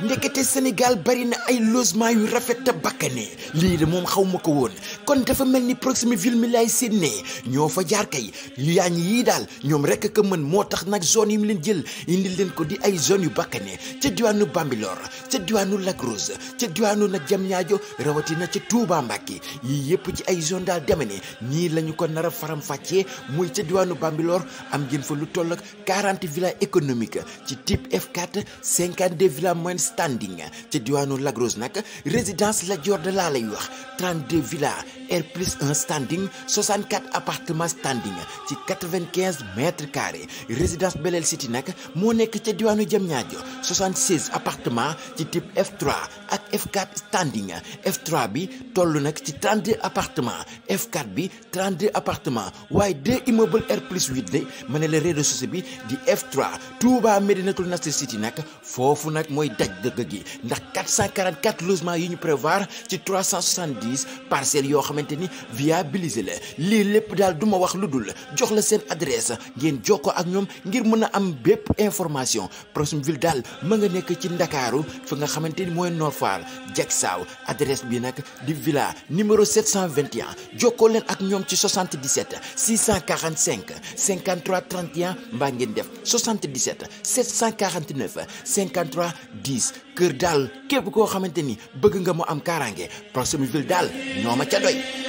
ndekkete Sénégal bari na ay logement yu rafet te bakkane lii de moom xaw ma ko woon kon dafa mel ni Proximeville mi laay sénnee ñoo fa jaar kay yaañ yii daal ñoom rek ko mën moo tax nag zone yi mu leen jël indil leen ko di ay zone yu bakkane ca diwaanu Bambilor ca diwaanu Lac ca diwaanu nag Diamniadio rawatina ca Touba Mbacké yii yëpp ci ay zone daal deme ñii nii la ñu ko nar a faram fàccee muy ca diwaanu Bambilor am ngeen fa lu toll quarante 40 villas ci type F4 52 villas standing ca diwaanu Lac Rose nag résidence la Dior la laa lay wax 32 villas R plus 1 standing 64 appartements standing ci 95 mètres carrés résidence Belel City nag moo nekk ca diwaanu Diamniadio 76 appartements ci type F3 ak F4 standing F3 bi toll nag ci 32 appartements F4 bi 32 appartements waaye deux immeubles plus 8 de ma ne la rez-de-chaussée bi di F3 Touba Médinatoul Nasr City nag foofu nag mooy daj dëgg gi ndax 444 yi ñu prévoir ci six parcelles yoo xamante ni viabiliser la lii lépp daal duma wax lu dul jox la seen adresse ngeen jokkoo ak ñoom ngir mën a am bépp information Proximville daal ma nga nekk ci Ndakaaru fa nga xamante ni mooy Nord Foire Diacksao adresse bi nag di villa numéro 721 jokkoo leen ak ñoom ci 77 645 53 31 mbaa ngeen def 77 749 53 10 kër daal képp koo xamante ni bëgg nga mu am kaaraange Proximville daal daal ñoo ma ca